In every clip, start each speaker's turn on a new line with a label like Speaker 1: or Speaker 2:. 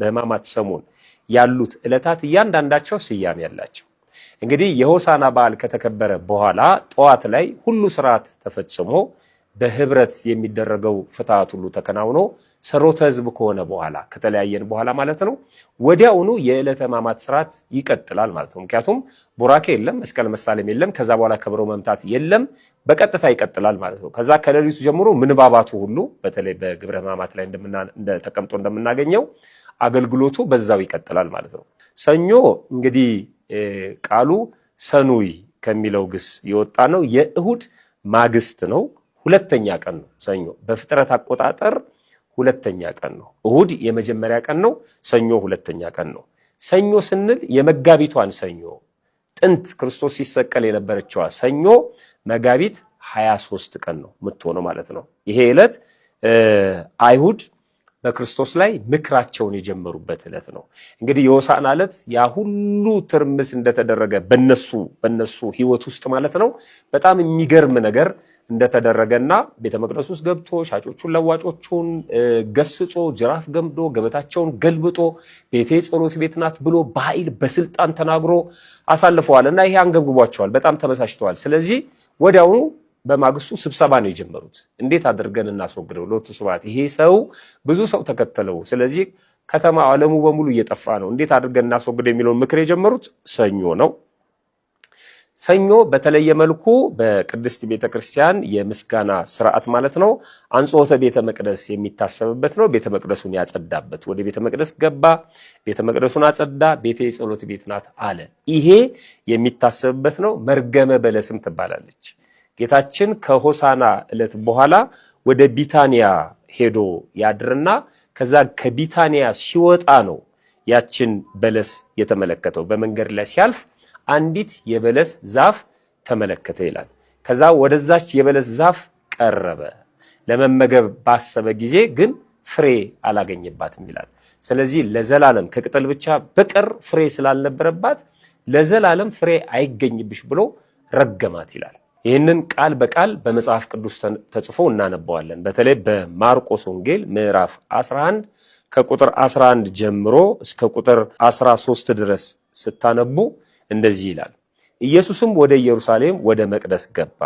Speaker 1: በሕማማት ሰሙን ያሉት ዕለታት እያንዳንዳቸው ስያሜ ያላቸው እንግዲህ የሆሳና በዓል ከተከበረ በኋላ ጠዋት ላይ ሁሉ ስርዓት ተፈጽሞ በህብረት የሚደረገው ፍትሐት ሁሉ ተከናውኖ ሰሮተ ህዝብ ከሆነ በኋላ ከተለያየን በኋላ ማለት ነው፣ ወዲያውኑ የዕለተ ሕማማት ስርዓት ይቀጥላል ማለት ነው። ምክንያቱም ቡራኬ የለም፣ መስቀል መሳለም የለም፣ ከዛ በኋላ ከበሮ መምታት የለም፣ በቀጥታ ይቀጥላል ማለት ነው። ከዛ ከሌሊቱ ጀምሮ ምንባባቱ ሁሉ በተለይ በግብረ ሕማማት ላይ ተቀምጦ እንደምናገኘው አገልግሎቱ በዛው ይቀጥላል ማለት ነው። ሰኞ እንግዲህ ቃሉ ሰኑይ ከሚለው ግስ የወጣ ነው። የእሁድ ማግስት ነው። ሁለተኛ ቀን ነው ሰኞ። በፍጥረት አቆጣጠር ሁለተኛ ቀን ነው። እሁድ የመጀመሪያ ቀን ነው። ሰኞ ሁለተኛ ቀን ነው። ሰኞ ስንል የመጋቢቷን ሰኞ ጥንት ክርስቶስ ሲሰቀል የነበረችዋ ሰኞ መጋቢት 23 ቀን ነው የምትሆነው ማለት ነው። ይሄ ዕለት አይሁድ በክርስቶስ ላይ ምክራቸውን የጀመሩበት ዕለት ነው። እንግዲህ የሆሳዕና ዕለት ያ ሁሉ ትርምስ እንደተደረገ በነሱ በነሱ ህይወት ውስጥ ማለት ነው በጣም የሚገርም ነገር እንደተደረገና ቤተ መቅደስ ውስጥ ገብቶ ሻጮቹን ለዋጮቹን ገስጾ ጅራፍ ገምዶ ገበታቸውን ገልብጦ ቤቴ ጸሎት ቤት ናት ብሎ በኃይል በስልጣን ተናግሮ አሳልፈዋል እና ይሄ አንገብግቧቸዋል። በጣም ተበሳጭተዋል። ስለዚህ ወዲያውኑ በማግስቱ ስብሰባ ነው የጀመሩት። እንዴት አድርገን እናስወግደው? ሎቱ ስብሐት ይሄ ሰው ብዙ ሰው ተከተለው። ስለዚህ ከተማ አለሙ በሙሉ እየጠፋ ነው፣ እንዴት አድርገን እናስወግደው የሚለውን ምክር የጀመሩት ሰኞ ነው። ሰኞ በተለየ መልኩ በቅድስት ቤተክርስቲያን የምስጋና ስርዓት ማለት ነው። አንጾተ ቤተ መቅደስ የሚታሰብበት ነው። ቤተ መቅደሱን ያጸዳበት ወደ ቤተ መቅደስ ገባ፣ ቤተ መቅደሱን አጸዳ፣ ቤተ የጸሎት ቤት ናት አለ። ይሄ የሚታሰብበት ነው። መርገመ በለስም ትባላለች። ጌታችን ከሆሳና ዕለት በኋላ ወደ ቢታንያ ሄዶ ያድርና ከዛ ከቢታንያ ሲወጣ ነው ያችን በለስ የተመለከተው። በመንገድ ላይ ሲያልፍ አንዲት የበለስ ዛፍ ተመለከተ ይላል። ከዛ ወደዛች የበለስ ዛፍ ቀረበ። ለመመገብ ባሰበ ጊዜ ግን ፍሬ አላገኘባትም ይላል። ስለዚህ ለዘላለም ከቅጠል ብቻ በቀር ፍሬ ስላልነበረባት ለዘላለም ፍሬ አይገኝብሽ ብሎ ረገማት ይላል። ይህንን ቃል በቃል በመጽሐፍ ቅዱስ ተጽፎ እናነባዋለን። በተለይ በማርቆስ ወንጌል ምዕራፍ 11 ከቁጥር 11 ጀምሮ እስከ ቁጥር 13 ድረስ ስታነቡ እንደዚህ ይላል። ኢየሱስም ወደ ኢየሩሳሌም ወደ መቅደስ ገባ።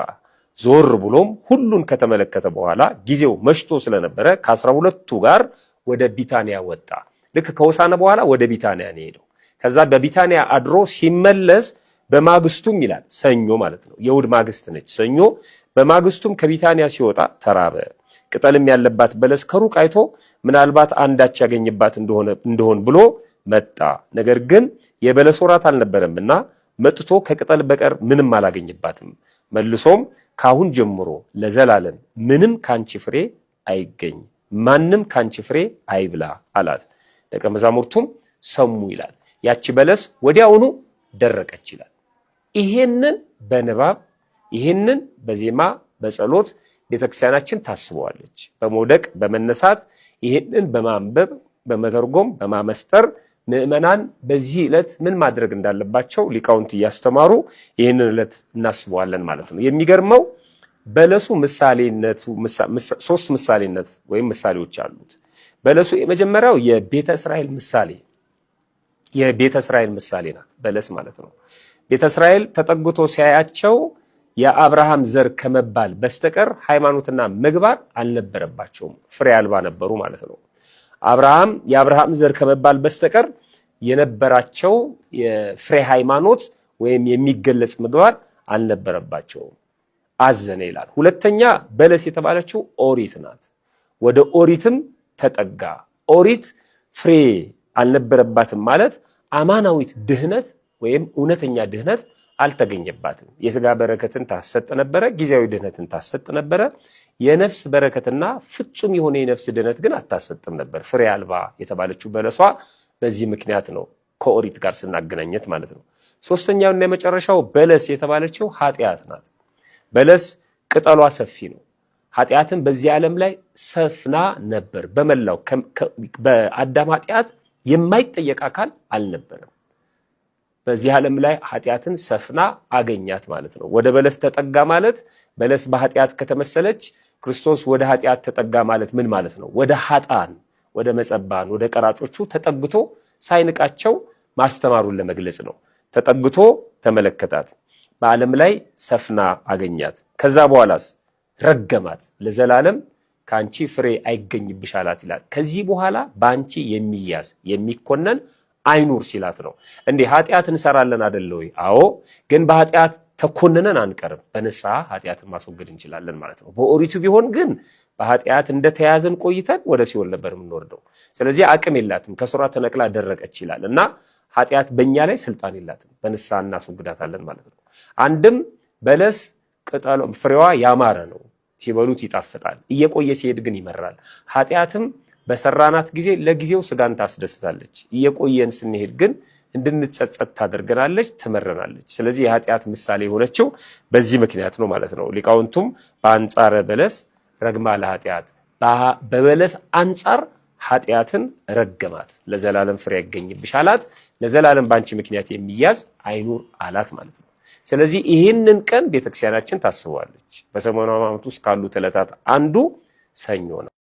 Speaker 1: ዞር ብሎም ሁሉን ከተመለከተ በኋላ ጊዜው መሽቶ ስለነበረ ከአስራ ሁለቱ ጋር ወደ ቢታንያ ወጣ። ልክ ከወሳነ በኋላ ወደ ቢታንያ ነው የሄደው። ከዛ በቢታንያ አድሮ ሲመለስ በማግስቱም ይላል ሰኞ ማለት ነው። የእሑድ ማግስት ነች ሰኞ። በማግስቱም ከቢታንያ ሲወጣ ተራበ። ቅጠልም ያለባት በለስ ከሩቅ አይቶ ምናልባት አንዳች ያገኝባት እንደሆን ብሎ መጣ። ነገር ግን የበለስ ወራት እና መጥቶ ከቅጠል በቀር ምንም አላገኝባትም። መልሶም ካሁን ጀምሮ ለዘላለም ምንም ከአንቺ ፍሬ አይገኝ፣ ማንም ከአንቺ ፍሬ አይብላ አላት። ደቀ መዛሙርቱም ሰሙ ይላል። ያቺ በለስ ወዲያውኑ ደረቀች ይላል። ይሄንን በንባብ ይሄንን በዜማ በጸሎት ቤተክርስቲያናችን ታስበዋለች። በመውደቅ በመነሳት ይሄንን በማንበብ በመተርጎም በማመስጠር ምዕመናን በዚህ ዕለት ምን ማድረግ እንዳለባቸው ሊቃውንት እያስተማሩ ይህንን ዕለት እናስበዋለን ማለት ነው። የሚገርመው በለሱ ምሳሌነቱ ሶስት ምሳሌነት ወይም ምሳሌዎች አሉት። በለሱ የመጀመሪያው የቤተ እስራኤል ምሳሌ የቤተ እስራኤል ምሳሌ ናት በለስ ማለት ነው። ቤተ እስራኤል ተጠግቶ ሲያያቸው የአብርሃም ዘር ከመባል በስተቀር ሃይማኖትና ምግባር አልነበረባቸውም። ፍሬ አልባ ነበሩ ማለት ነው። አብርሃም የአብርሃም ዘር ከመባል በስተቀር የነበራቸው የፍሬ ሃይማኖት ወይም የሚገለጽ ምግባር አልነበረባቸውም። አዘነ ይላል። ሁለተኛ በለስ የተባለችው ኦሪት ናት። ወደ ኦሪትም ተጠጋ። ኦሪት ፍሬ አልነበረባትም ማለት አማናዊት ድህነት ወይም እውነተኛ ድህነት አልተገኘባትም። የስጋ በረከትን ታሰጥ ነበረ፣ ጊዜያዊ ድህነትን ታሰጥ ነበረ። የነፍስ በረከትና ፍጹም የሆነ የነፍስ ድህነት ግን አታሰጥም ነበር። ፍሬ አልባ የተባለችው በለሷ በዚህ ምክንያት ነው፣ ከኦሪት ጋር ስናገናኘት ማለት ነው። ሶስተኛውና የመጨረሻው በለስ የተባለችው ኃጢአት ናት። በለስ ቅጠሏ ሰፊ ነው። ኃጢአትን በዚህ ዓለም ላይ ሰፍና ነበር። በመላው በአዳም ኃጢአት የማይጠየቅ አካል አልነበረም። በዚህ ዓለም ላይ ኃጢአትን ሰፍና አገኛት ማለት ነው። ወደ በለስ ተጠጋ ማለት በለስ በኃጢአት ከተመሰለች ክርስቶስ ወደ ኃጢአት ተጠጋ ማለት ምን ማለት ነው? ወደ ሀጣን፣ ወደ መጸባን፣ ወደ ቀራጮቹ ተጠግቶ ሳይንቃቸው ማስተማሩን ለመግለጽ ነው። ተጠግቶ ተመለከታት፣ በዓለም ላይ ሰፍና አገኛት። ከዛ በኋላስ ረገማት፣ ለዘላለም ከአንቺ ፍሬ አይገኝብሽ አላት ይላል። ከዚህ በኋላ በአንቺ የሚያዝ የሚኮነን አይኑር ሲላት ነው። እንዴ ኃጢአት እንሰራለን አደለ ወይ? አዎ። ግን በኃጢአት ተኮንነን አንቀርም። በንስሐ ኃጢአትን ማስወገድ እንችላለን ማለት ነው። በኦሪቱ ቢሆን ግን በኃጢአት እንደተያዘን ቆይተን ወደ ሲኦል ነበር የምንወርደው። ስለዚህ አቅም የላትም ከስራ ተነቅላ ደረቀች ይላል እና ኃጢአት በእኛ ላይ ስልጣን የላትም። በንስሐ እናስወግዳታለን ማለት ነው። አንድም በለስ ቅጠሎ ፍሬዋ ያማረ ነው፣ ሲበሉት ይጣፍጣል፣ እየቆየ ሲሄድ ግን ይመራል። ኃጢአትም በሰራናት ጊዜ ለጊዜው ስጋን ታስደስታለች። እየቆየን ስንሄድ ግን እንድንጸጸት ታደርገናለች፣ ትመረናለች። ስለዚህ የኃጢአት ምሳሌ የሆነችው በዚህ ምክንያት ነው ማለት ነው። ሊቃውንቱም በአንጻረ በለስ ረግማ ለኃጢአት በበለስ አንጻር ኃጢአትን ረገማት፣ ለዘላለም ፍሬ ያገኝብሽ አላት። ለዘላለም በአንቺ ምክንያት የሚያዝ አይኑር አላት ማለት ነው። ስለዚህ ይህንን ቀን ቤተክርስቲያናችን ታስበዋለች። በሰሞኑ ሕማማት ውስጥ ካሉት ዕለታት አንዱ ሰኞ ነው።